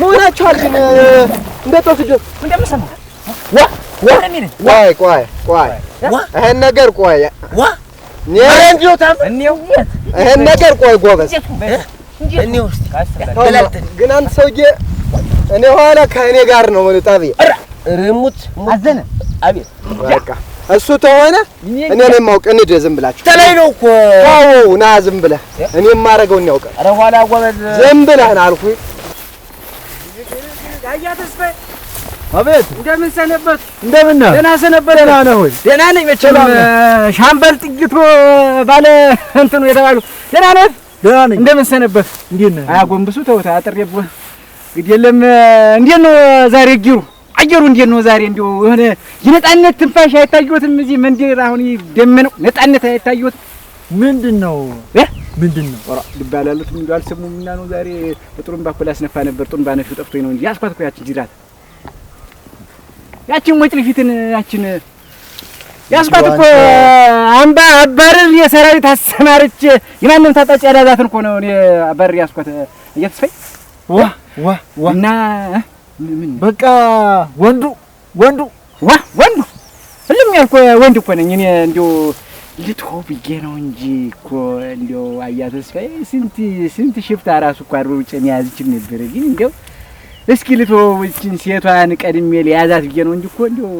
መሆናችኋል ግን ቆይ ቆይ ቆይ ይሄን ነገር ቆይ ይሄን ነገር ቆይ ጎበዝ ግን አንተ ሰውዬ እኔ ኋላ ከእኔ ጋር ነው ጠብዬ እርሙት አዘነ በቃ እሱ ተሆነ እኔ ነው የማውቅ። እንደ ዝም ብላችሁ ተለይ ነው እኮ ና ዝም ብለህ እኔ የማደርገውን ያውቃል። ኧረ ኋላ ጎበዝ ዝም ብለህ አልኩኝ። ታያ ተስፋዬ አቤት፣ እንደምን ሰነበት? እንደምን ነህ? ደህና ሰነበት? ደህና ነህ ወይ? ደህና ነኝ። መቼም ሻምበል ጥይቱ ባለ እንትኑ የተባሉ ደህና ነህ? ደህና ነኝ። እንደምን ሰነበት? እንዴት ነህ? አያጎንብሱ ተውት፣ እንግዲህ የለም። እንዴት ነው ዛሬ አየሩ እንዴት ነው ዛሬ? እንዲሁ የሆነ የነጻነት ትንፋሽ እዚህ መንደር አሁን ደመነው ነጻነት ምንድን ነው ምንድን ነው ልብ ያላሉት ምንድ አልሰሙ ምና ነው። ዛሬ ጥሩምባ እኮ ላስነፋ ነበር። ጥሩምባ ነፊው ጠፍቶኝ ነው እንጂ ያስኳት እኮ ያችን ጅራት፣ ያችን ወጭ ልፊትን ያችን ያስኳት እኮ አምባ አባርር የሰራዊት አሰማርች የማንም ታጣጭ ያዳዛትን እኮ ነው እኔ አባር ያስኳት እየተስፋይ ዋ ዋ ዋ እና ምን በቃ ወንዱ ወንዱ ዋ ወንዱ ሁሉም ያልኩ ወንድ እኮ ነኝ እኔ እንዲሁ ልትሆን ብዬ ነው እንጂ እኮ እንዲያው አያ ተስፋዬ ስንት ስንት ሽፍታ እኮ ግን እንዲያው እስኪ ሴቷን ቀድሜ ሊያዛት ብዬ ነው እንጂ እኮ እንዲያው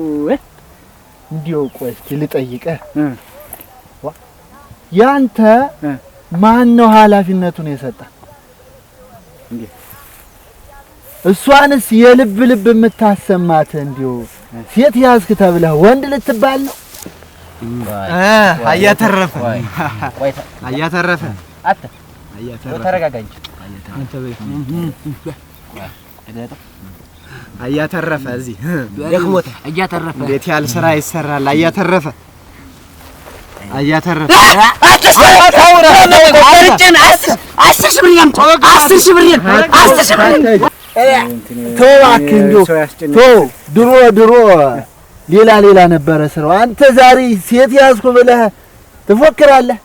እንዲያው ቆይ እስኪ ልጠይቀህ፣ ያንተ ማን ነው ኃላፊነቱን እሷንስ የልብ ልብ የምታሰማት እንዲያው ሴት ያዝክ ተብለህ ወንድ ልትባል ነው? አያተረፈ አያተረፈ አተ አያተረፈ ተረጋጋ እንጂ አያተረፈ እዚህ ደክሞት አያተረፈ እንዴት ያህል ስራ ይሰራል። አያተረፈ አያተረፈ አስር ሺህ ብር አስር ሺህ ብር አስር ሺህ ብር ተው እባክህ እንደው ተው ድሮ ድሮ ሌላ ሌላ ነበረ ስራው። አንተ ዛሬ ሴት ያዝኩ ብለህ ትፎክራለህ።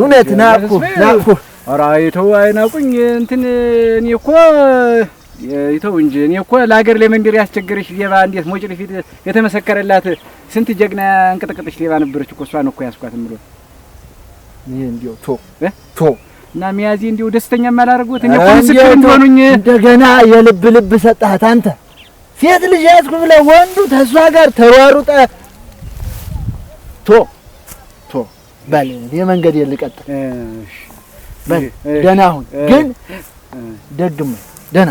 እውነት ናቁ ናቁ ኧረ አይናቁኝ። እንትን እኔ እኮ ይተው እንጂ እኔ እኮ ለሀገር ለመንደር ያስቸገረች ሌባ እንዴት ሞጭ ፊት የተመሰከረላት ስንት ጀግና እንቅጥቅጥች ሌባ ነበረች እኮ እሷን እኮ ያስኳት ምሎ ይሄ እንዲያው ቶ ቶ እና ሚያዚ እንዲያው ደስተኛ ማላረጉት እኔ እኮ ምስክር እንደሆኑኝ እንደገና የልብ ልብ ሰጣት አንተ ሴት ልጅ ያዝኩ ብለህ ወንዱ ተሷ ጋር ተሯሩጠ ቶ ቶ በል የመንገድ እሺ ልቀጥል። ደህና ሁን ግን ደግም ደህና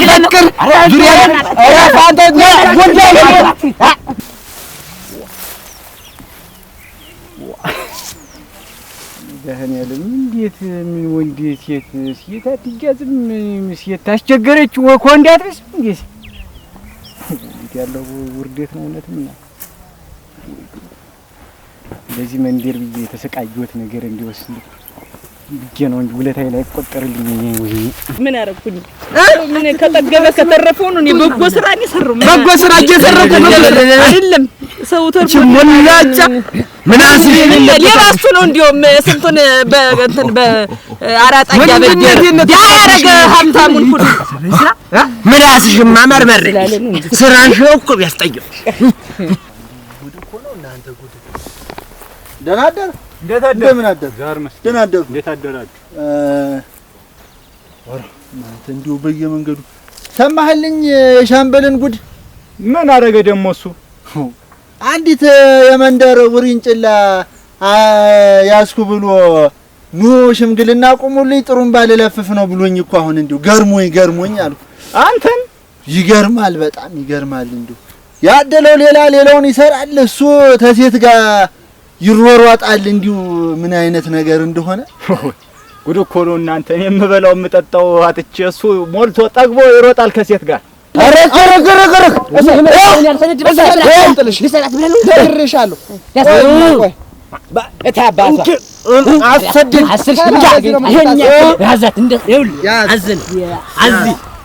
የሚቀጥቅር ዙሪያን ራፋንተ ጉዳይ ዳንኤልም እንዴት ምን ወንድ ሴት ሴት አትያዝም? ሴት ታስቸገረች ወኮ እንዳትርስ እንዴት ያለው ውርደት ነው። እውነትም ነው። በዚህ መንደር ብዬ የተሰቃየሁት ነገር እንዲወስድ ብዬሽ ነው እንጂ ውለታዬ ላይ ቆጠርልኝ። ምን አደረኩኝ? ምን ከጠገበ ከተረፈው ነው። በጎ ስራ ነው የሰራው። በጎ ስራ እየሰራሁ አይደለም ሰው ተርፎ ሞላጫ ምን አሲ የራሱ ነው። እንዲያውም ስንቱን በእንትን በአራጣ ያበጀ ያረገ ሀብታሙን ሁሉ ምን አስሽማ መርመሬ ስራሽ እኮ ቢያስጠየው ደህና አደር እንደምን አደርክ? እንዴት አደራችሁ? እናንተ እንዲሁ በየመንገዱ ሰማህልኝ? የሻምበልን ጉድ ምን አደረገ ደግሞ እሱ? አንዲት የመንደር ውሪንጭላ ያስኩ ብሎ ኑ ሽምግልና ቁሙልኝ ጥሩምባ ልለፍፍ ነው ብሎኝ እኮ አሁን እንዲሁ ገርሞኝ ገርሞኝ አልኩ። አንተን ይገርማል፣ በጣም ይገርማል። እንዲሁ ያደለው ሌላ ሌላውን ይሰራል። እሱ ተሴት ጋር ይሮሯጣል እንዲሁ ምን አይነት ነገር እንደሆነ ጉድ እኮ ነው እናንተ። እኔ የምበላው የምጠጣው አጥቼ እሱ ሞልቶ ጠግቦ ይሮጣል ከሴት ጋር። አሰድድ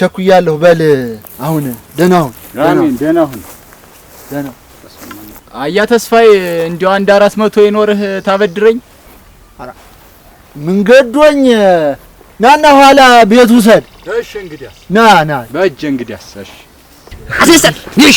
ቸኩያለሁ። በል አሁን ደህና ሁን። አሜን። ደህና ሁን። ደህና አያ ተስፋዬ፣ እንዲያው አንድ አራት መቶ ይኖርህ ታበድረኝ። ምንገዶኝ ናና ኋላ ቤት ውሰድ። እሺ እንግዲያስ ና ና በእጅ እንግዲያስ እሺ ንሽ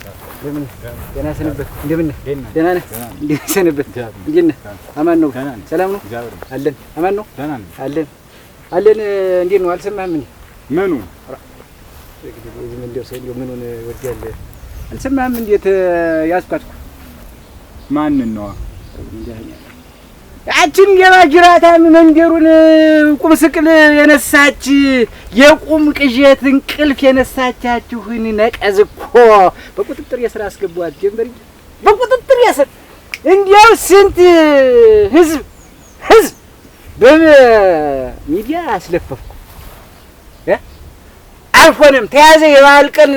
እንደምን ደህና ሰንበት። እንደምን ደህና ነህ? እንደምን ሰንበት። እንዴት ነህ? አማን ነው? ሰላም ነው? አለን። አማን ነው? አለን። አለን። እንዴት ነው? አልሰማህም? እኔ ምኑን ምኑን ወዲያለህ? አልሰማህም? እንዴት ያዝኳት ማንን ነዋ? አችን ያችን ጅራታም መንደሩን ቁም ስቅል የነሳች የቁም ቅዠት እንቅልፍ የነሳቻችሁን ነቀዝ እኮ በቁጥጥር የስራ አስገቧት ጀምበር በቁጥጥር የስር እንዲያው ስንት ህዝብ ህዝብ በሚዲያ አስለፈፍኩ። አልሆነም። ተያዘ የባህል ቀን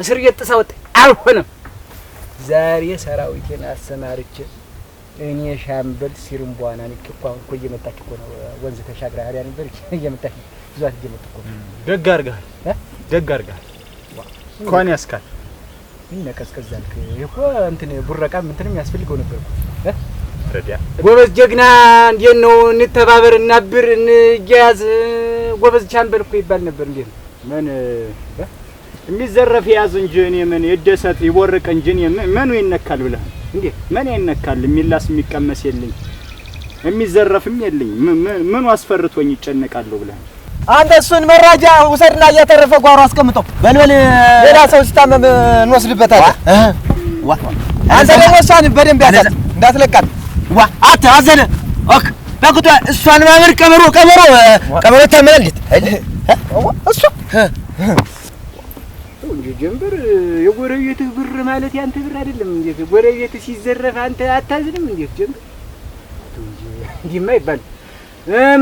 እስር የጥሳ ወጣ። አልሆነም። ዛሬ ሰራዊቴን አሰማርቼ እኔ ሻምበል ሲሩምቧና እኮ እኮ እየመጣች እኮ ነው ወንዝ ተሻግራ ሀሪያ ነበር እየመጣች ይዟት እየመጣች እኮ ደግ አድርገሃል፣ ደግ አድርገሃል። እንኳን ያስካል ምን ነቀዝቀዝ እኮ እንትን ቡረቃም እንትንም ያስፈልገው ነበር እኮ ጎበዝ ጀግና። እንዴት ነው እንተባበር፣ እናብር፣ እንያያዝ። ጎበዝ ሻምበል እኮ ይባል ነበር። እንዴት ነው ምን የሚዘረፍ የያዝ እንጂ እኔ ምን ይደሰት ይቦርቅ እንጂ እኔ ምኑ ይነካል ብለህ እንዴ ምን ይነካል? የሚላስ የሚቀመስ የለኝ፣ የሚዘረፍም የለኝ። ምኑ አስፈርቶኝ ይጨነቃለሁ ብለህ አንተ እሱን መራጃ ውሰድና እያተረፈ ጓሮ አስቀምጠው። በልበል ሌላ ሰው ሲታመም እንወስድበታለን። አንተ ደግሞ እሷን በደንብ ያዛት እንዳትለቃት። ዋ አተ አዘነ ኦክ በቁጣ እሷን ማመር ቀበሮ ቀበሮ ቀበሮ ታመናል። እሱ ሲጀምር የጎረቤትህ ብር ማለት ያንተ ብር አይደለም። እንዴት ጎረቤት ሲዘረፍ አንተ አታዝንም? እንዴት ጀምር እንዲህማ ይባል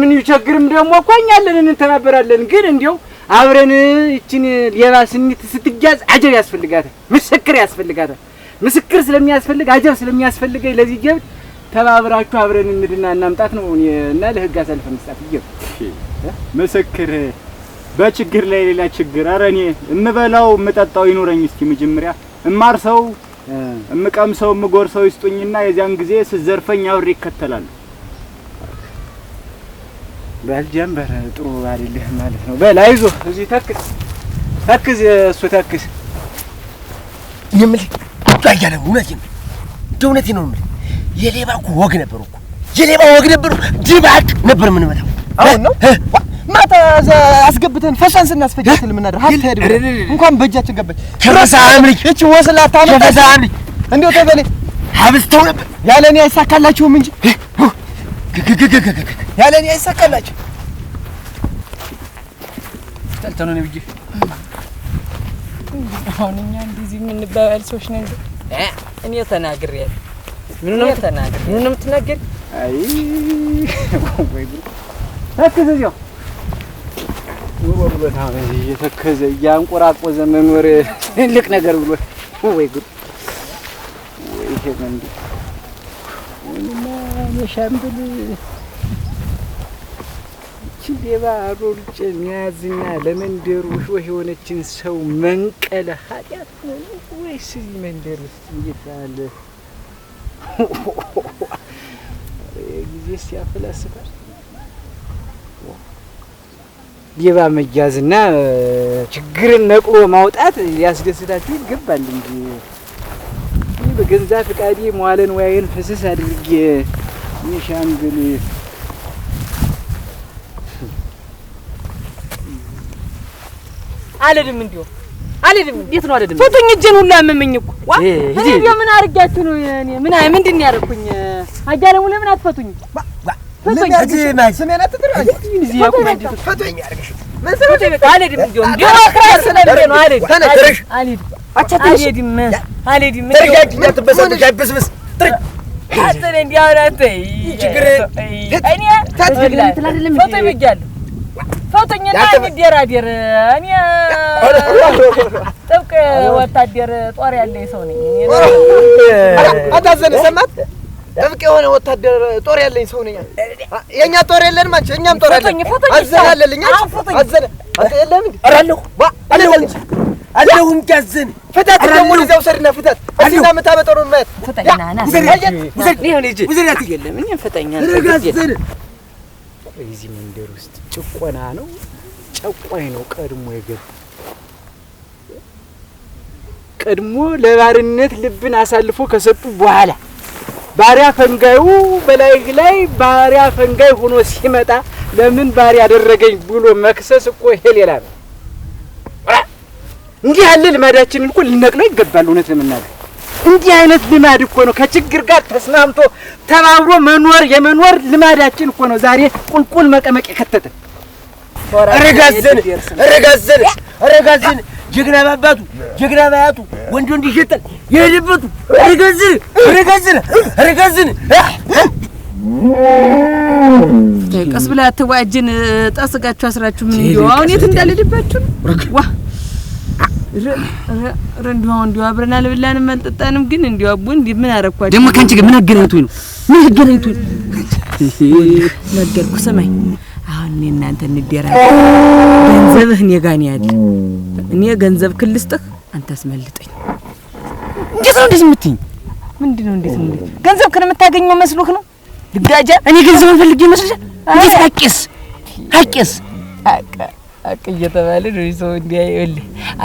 ምን ይቸግርም። ደግሞ እኮ እኛ አለን እንተባበራለን። ግን እንዲያው አብረን ይችን ሌባ ስኒት ስትያዝ አጀብ ያስፈልጋታል፣ ምስክር ያስፈልጋታል። ምስክር ስለሚያስፈልግ አጀብ ስለሚያስፈልገኝ ለዚህ ጀብድ ተባብራችሁ አብረን እንድና እናምጣት ነው እና ለህግ አሳልፈ መስጣት ይጀብ ምስክር በችግር ላይ ሌላ ችግር። ኧረ እኔ እምበላው እምጠጣው ይኑረኝ። እስኪ መጀመሪያ እማርሰው እምቀምሰው እምጎርሰው ይስጡኝና የዚያን ጊዜ ስዘርፈኝ አብሬ ይከተላለሁ። በል ጀምበር፣ ጥሩ አይደለህ ማለት ነው። በል አይዞህ፣ እዚህ ተክስ ተክስ፣ እሱ ተክስ። እኔ የምልህ አባያለ እውነቴን ነው እንደ እውነቴን ነው የምልህ የሌባ እኮ ወግ ነበሩ እኮ የሌባ ወግ ነበሩ። ድባቅ ነበር የምንበላው አሁን ነው ማታ አስገብተን ፈሳን ስናስፈጃት ልምናደር ሀብት ሄድ እንኳን በእጃችን ገባች። ከበሳ አምልክ እች ወስላታ ከበሳ አምልክ እንዴው ተበለ ሀብስተው ነበር ያለኔ አይሳካላችሁም እንጂ ያለኔ አይሳካላችሁ ጠልተነ ነው ብዬ አሁን እኛ እንደዚህ የምንባባል ሰዎች ነን። እኔ ተናግሬ ያለ ምን ነው ተናግሬ ምን ነው የምትናገር? አይ ወይ ኑሮ በጣም እየተከዘ እያንቆራቆዘ መኖር ትልቅ ነገር ብሎ ወይ ጉድ ወይ እቺ ሌባ የሚያዝና ለመንደሩ የሆነችን ሰው መንቀለ ኃጢአት ወይስ መንደር ውስጥ እንዴት ጊዜ ሲያፈላስፋል ሌባ መያዝና ችግርን ነቅሎ ማውጣት ያስደስታችሁ ይገባል እንጂ በገንዛ ፈቃዴ መዋለ ንዋዬን ፍስስ አድርጌ የሻምብል አልሄድም። እንዲሁ አልሄድም። እንዴት ነው አልሄድም? ፎቶኝ እጄን ሁሉ አመመኝ እኮ ምን አርጋችሁ ነው? እኔ ምን ምንድን ነው ያደረኩኝ? አጃለሙ ለምን አትፈቱኝ? ባ ጥብቅ ወታደር ጦር ያለ ሰው ነኝ። አታዘነ ሰማት ጥብቅ የሆነ ወታደር ጦር ያለኝ ሰው ነኝ። የእኛ ጦር የለንም አንቺ፣ እኛም ጦር አለን። አዘናለልኝ አዘነ አራለሁ አዘን ፍታት ደግሞ እዚያ ውሰድና ፍታት። እዚያ የምታመጠሩ ማየት ፍታኛ እዚህ መንደር ውስጥ ጭቆና ነው፣ ጨቋኝ ነው ቀድሞ የገባ ቀድሞ ለባርነት ልብን አሳልፎ ከሰጡ በኋላ ባሪያ ፈንጋዩ በላይ ላይ ባሪያ ፈንጋይ ሆኖ ሲመጣ ለምን ባሪያ አደረገኝ ብሎ መክሰስ እኮ ይሄ ሌላ ነው። እንዲህ ያለ ልማዳችንን እኮ ልነቅለው ይገባል። እውነት ለመናገር እንዲህ አይነት ልማድ እኮ ነው ከችግር ጋር ተስማምቶ ተባብሮ መኖር የመኖር ልማዳችን እኮ ነው ዛሬ ቁልቁል መቀመቅ የከተተ ረጋዘን ረጋዘን ረጋዘን ጀግና ባባቱ ጀግና ባያቱ ወንድ ወንድ ይሸጣል የሄደበቱ ርገዝን ርገዝን ርገዝን ቀስ ብላ ተዋጅን ጠስጋችሁ አስራችሁ ምን እንዲሁ አሁን የት እንዳልሄድባችሁ ዋ ረ እንዲሁ አብረን አልብላንም አልጠጣንም፣ ግን እንዲሁ አቡ እንዲህ ምን አረኳችሁ ደግሞ ከአንቺ ጋር ምን አገናኝቶኝ ነው? ምን አገናኝቶኝ ነገርኩ። ሰማይ አሁን እኔ እናንተ እንደራ ገንዘብህ እኔ ጋር ነው ያለ። እኔ ገንዘብ ክልስጥህ አንተ አስመልጠኝ። እንዴት ነው እንደዚህ የምትይኝ? ምንድን ነው እንዴት ነው ገንዘብ ከነ የምታገኘው መስሎህ ነው? ልጋጃ እኔ ገንዘብ ፈልጌ ይመስልሻል? እንዴት አቄስ አቄስ አቀ አቅ እየተባለ ነው ሰው እንዲያይል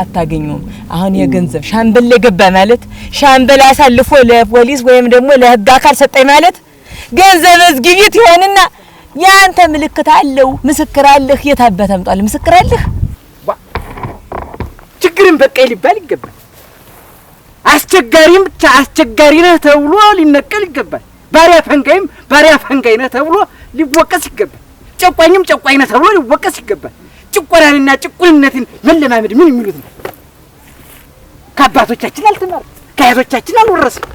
አታገኘውም። አሁን የገንዘብ ሻምበል ለገባ ማለት ሻምበል አሳልፎ ለፖሊስ ወይም ደግሞ ለህግ አካል ሰጠኝ ማለት ገንዘብ እዝግቢት ይሆንና ያንተ ምልክት አለው። ምስክር አለህ? የታበተ አምጧል። ምስክር አለህ? ችግርን በቃ ሊባል ይገባል። አስቸጋሪም ብቻ አስቸጋሪ ነህ ተብሎ ሊነቀል ይገባል። ባሪያ ፈንጋይም ባሪያ ፈንጋይ ነህ ተብሎ ሊወቀስ ይገባል። ጨቋኝም ጨቋኝ ነህ ተብሎ ሊወቀስ ይገባል። ጭቆናንና ጭቁንነትን መለማመድ ምን የሚሉት ነው? ከአባቶቻችን አልተማር ከአያቶቻችን አልወረስም።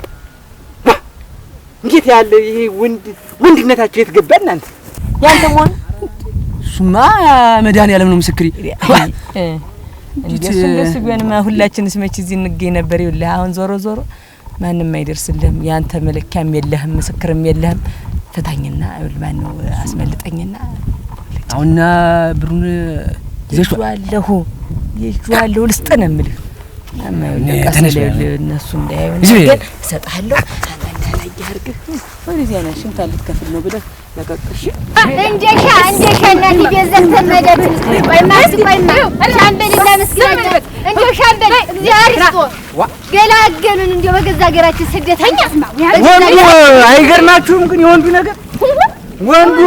እንዴት ያለ ይሄ ወንድ ወንድነታቸው የት ገባ እናንተ ያንተ መሆን እሱማ መድኃኒዓለም ነው ምስክሬ። እንደሱ ቢሆንማ ሁላችንስ እዚህ እንገኝ ነበር። ይኸውልህ አሁን ዞሮ ዞሮ ማንም አይደርስልህም። ያንተ መለኪያም የለህም፣ ምስክርም የለህም። ፍታኝና ማን ነው አስመልጠኝና አሁንና ብሩን ይዤዋለሁ ይዤዋለሁ ልስጥ ነው የምልህ። እነሱ እንዳያዩ እሰጥሃለሁ። አንተ እንዳላየህ ሽንታ ልትከፍል ነው ብለህ ለቀቅሽ እንደሻ እንደሻ እናት ቤዘት ተመደድ ቆይማ ሻምበል ሻምበል እግዚአብሔር ገላገሉን። በገዛ ሀገራችን ስደተኛ ወንዱ አይገርማችሁም? ግን የወንዱ ነገር ወንዱ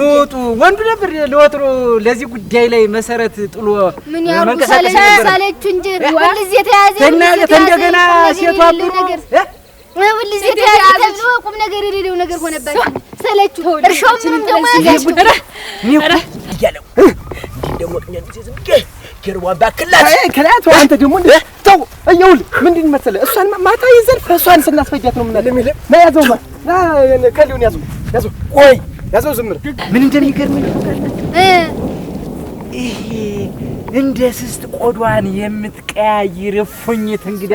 ኖጡ ወንዱ ነበር ለወትሮ ለዚህ ጉዳይ ላይ መሰረት ጥሎ ምን ያሳለች እንጂ ሁልጊዜ የተያዘ እንደገና ሴቷ የተያዘ ቁም ነገር የሌለው ነገር ሆነባቸው። መሰለችው። እርሻው ምንም ምንድን መሰለህ እሷን ማታ ይዘን እሷን ስናስፈጃት ነው ምን እንደሚገርምህ እንደ ስስት ቆዷን የምትቀያይር እፉኝት እንግዳ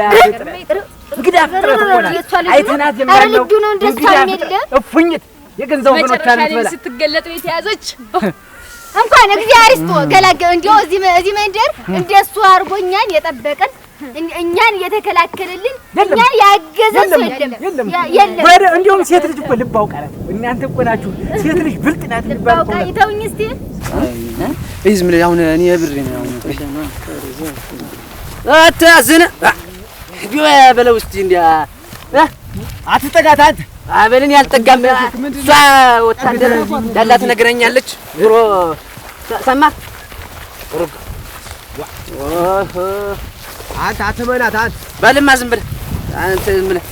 እንግዳ ፍጥረት ሆና አይተናት የማለው እንግዳ ፍጥረት እፉኝት የገንዘው ብሎች አለት በላ ስትገለጥ ቤት የያዘች እንኳን እግዚአብሔር ይስጥ ገላገ እንዲያው እዚህ እዚህ መንደር እንደሱ አድርጎኛን የጠበቀን እኛን እየተከላከለልን እኛን ያገዘን ሰው የለም የለም። እንዲያውም ሴት ልጅ እኮ ልባው አውቃ ናት። እናንተ እኮ ናችሁ ሴት ልጅ ብልጥ ናት ልባው እኮ ነው። ተውኝ እስቲ እዚህ ምን ብለህ አሁን እኔ ብሬ ነው አታዝነ ቢሆን በለው እስቲ እንዲያ አትጠጋት አንተ አበልን ያልጠጋም እሷ ወታደር እንዳላ ትነግረኛለች። ድሮ ሰማህ? አንተ አትመናት። አንተ በልማ ዝም ብለህ አንተ ዝም ብለህ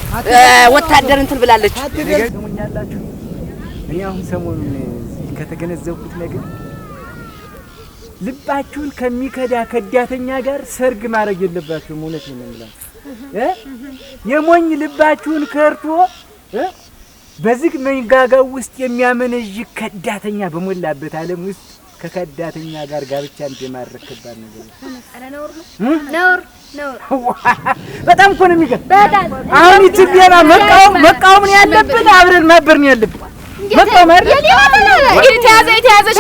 ወታደር እንትን ብላለች። ትሰሙኛላችሁ? እኔ አሁን ሰሞኑን ከተገነዘብኩት ነገር ልባችሁን ከሚከዳ ከዳተኛ ጋር ሰርግ ማድረግ የለባችሁም። እውነቴን ነው የምላችሁ የሞኝ ልባችሁን ከርቶ በዚህ መንጋጋ ውስጥ የሚያመነዥ ከዳተኛ በሞላበት ዓለም ውስጥ ከከዳተኛ ጋር ጋብቻ እንደማድረግ ከባድ ነገር ነውር ነውር። በጣም እኮ ነው የሚገርም። አሁን ኢትዮጵያ መቃወም መቃወም ነው ያለብን፣ አብረን ማበር ነው ያለብን። መቃወም አይደል የተያዘ የተያዘች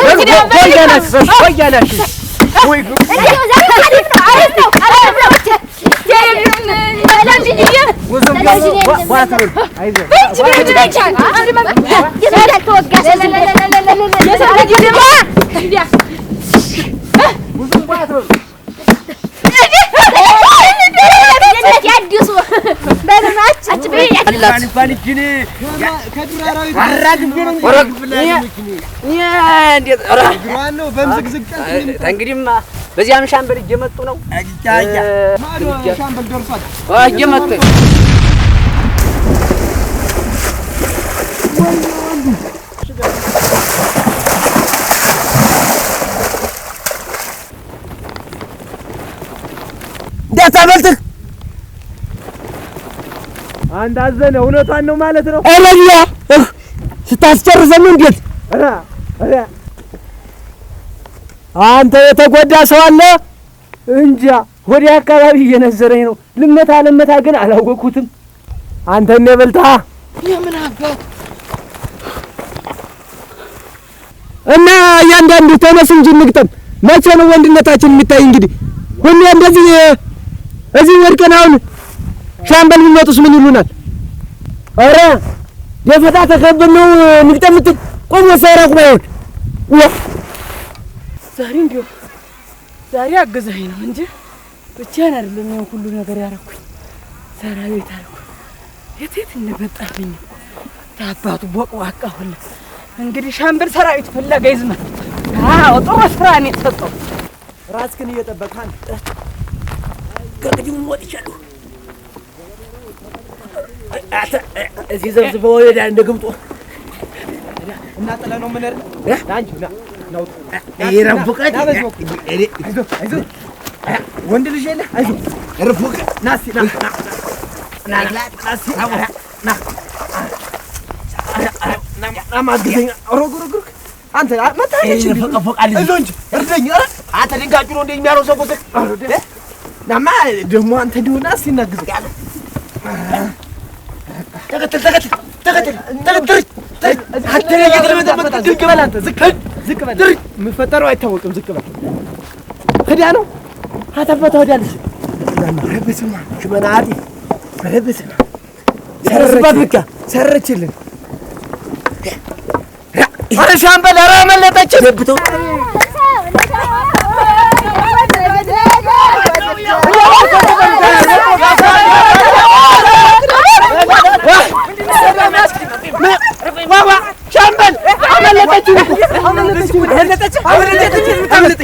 እንግዲህማ በዚያም ሻምበል እየመጡ ነው። ሻምበል ደርሷል እንዳታመልጥህ አንድ አዘነ እውነቷን ነው ማለት ነው። አለያ ስታስጨርሰን እንዴት አንተ የተጎዳ ሰው አለ እንጃ። ወዲያ አካባቢ እየነዘረኝ ነው። ልመታ ልመታ ግን አላወቅኩትም። አንተ እኔ በልታ የምን አባት እና እያንዳንዱ ተነስ እንጂ እንግጠም። መቼ ነው ወንድነታችን የሚታይ? እንግዲህ ሁሉ እንደዚህ እዚህ ወድቀን አሁን ሻምበል ቢመጡስ ምን ይሉናል? አረ ደፈጣ ተከበን ነው እንግጠም እምትል ቆሞ ሳይራቁ ባይሆን ዛሬ እንዲሁ ዛሬ አገዛኝ ነው እንጂ ብቻዬን አይደለም ይሄን ሁሉ ነገር ያደረኩኝ። ሰራዊት አልኩ የት የት እንደመጣብኝ ታባቱ ቦቅቧቃ ሁላ እንግዲህ ሻምበል ሰራዊት ፍለጋ ይዝመ አዎ ጥሩ ስራ ነው የተሰጠው። ግን እየጠበቅን ከቅድሙ ወጥቻለሁ። እዚህ ዘብዝበው ወደ እንደ ግምጦ እናጠላ ነው ምንር አንቺ ወንድ ልጅ የለ አይዞህ ርፉቅ ናስ ና ና ና በጣም አንተ የምፈጠረው አይታወቅም። ዝቅ በል ህዳ ነው አታፈታ ህዳለች። ኧረ በስመ አብ ሰረችልን ኧረ ሻምበል፣ ኧረ አመለጠችን። ሻምበል፣ አመለጠችን። አመለጠች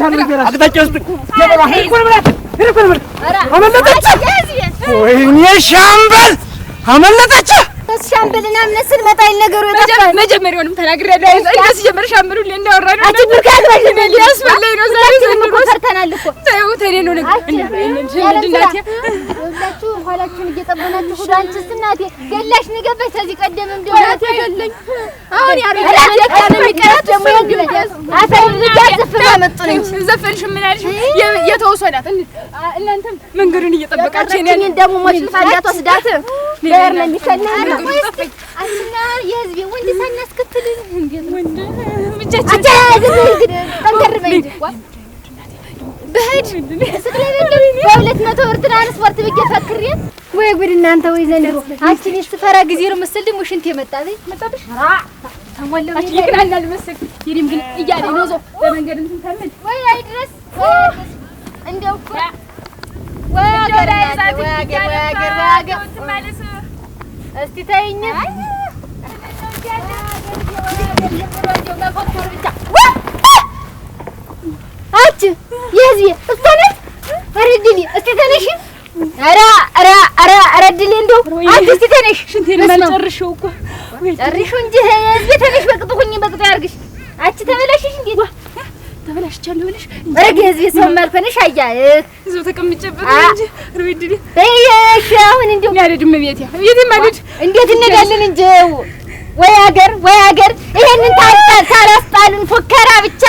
ሻምበል አመለጠች። ሻምበልና እምነት ስንመጣ ነገሩ መጀመሪያውንም ተናግሬያለሁ። ሻምበሉ ገላሽ ንገበች ከዚህ ቀደም እንደው አሁን መጡ ነው እንጂ ዘፈንሽ ምን አልሽ? የተወሰዳት እናንተም መንገዱን እየጠበቃችሁ እኔ ደግሞ ሞት ልፋዳት ወስዳት ነገር ነው የሚሰናል አስና የህዝብ ወንድ ሳናስከትል ወንድ ብቻችን አቻ ግን ጠንከር በይ እንጂ ብሄድ በሁለት መቶ ብር ትራንስፖርት ብዬ ፈክሬ ወይ ጉድ እናንተ ወይ ዘንድሮ አንቺ እኔ ስፈራ ጊዜ ነው መሰል ደግሞ ሽንት የመጣ መጣብሽ ተሞለናናል መሰል ሂሪም ግን እያለ ነው ዞ በመንገድ እንትን ተምል ወይ አይ ድረስ እንደው እኮ ወይ ሀገር ወይ ሀገር ወይ ሀገር ወይ ሀገር እስቲ ተይኝ አንቺ የዚህ እሷ ነች። እረድሌ እስቲ ተነሽ። ኧረ ኧረ ኧረ እረድሌ እንደው አንቺ እስቲ ተነሽ። ሽንቴን አልጨርሽው እኮ ጨሪሹ እንጂ ህዝቤ ተቤሽ በቅጡ ሁኚ በቅጡ ያርግሽ። አንቺ ተበላሽሽ እንዴ? ተበላሽቻለሁ ብለሽ ረግ ህዝቤ ሰው ማልኮንሽ አያ እዛው ተቀምጬበት እንጂ ርቤድ ቤት ቤት ማደድ እንዴት እንሄዳለን እንጂ ወይ አገር ወይ አገር ይሄንን ታጣ ታላስጣልን ፉከራ ብቻ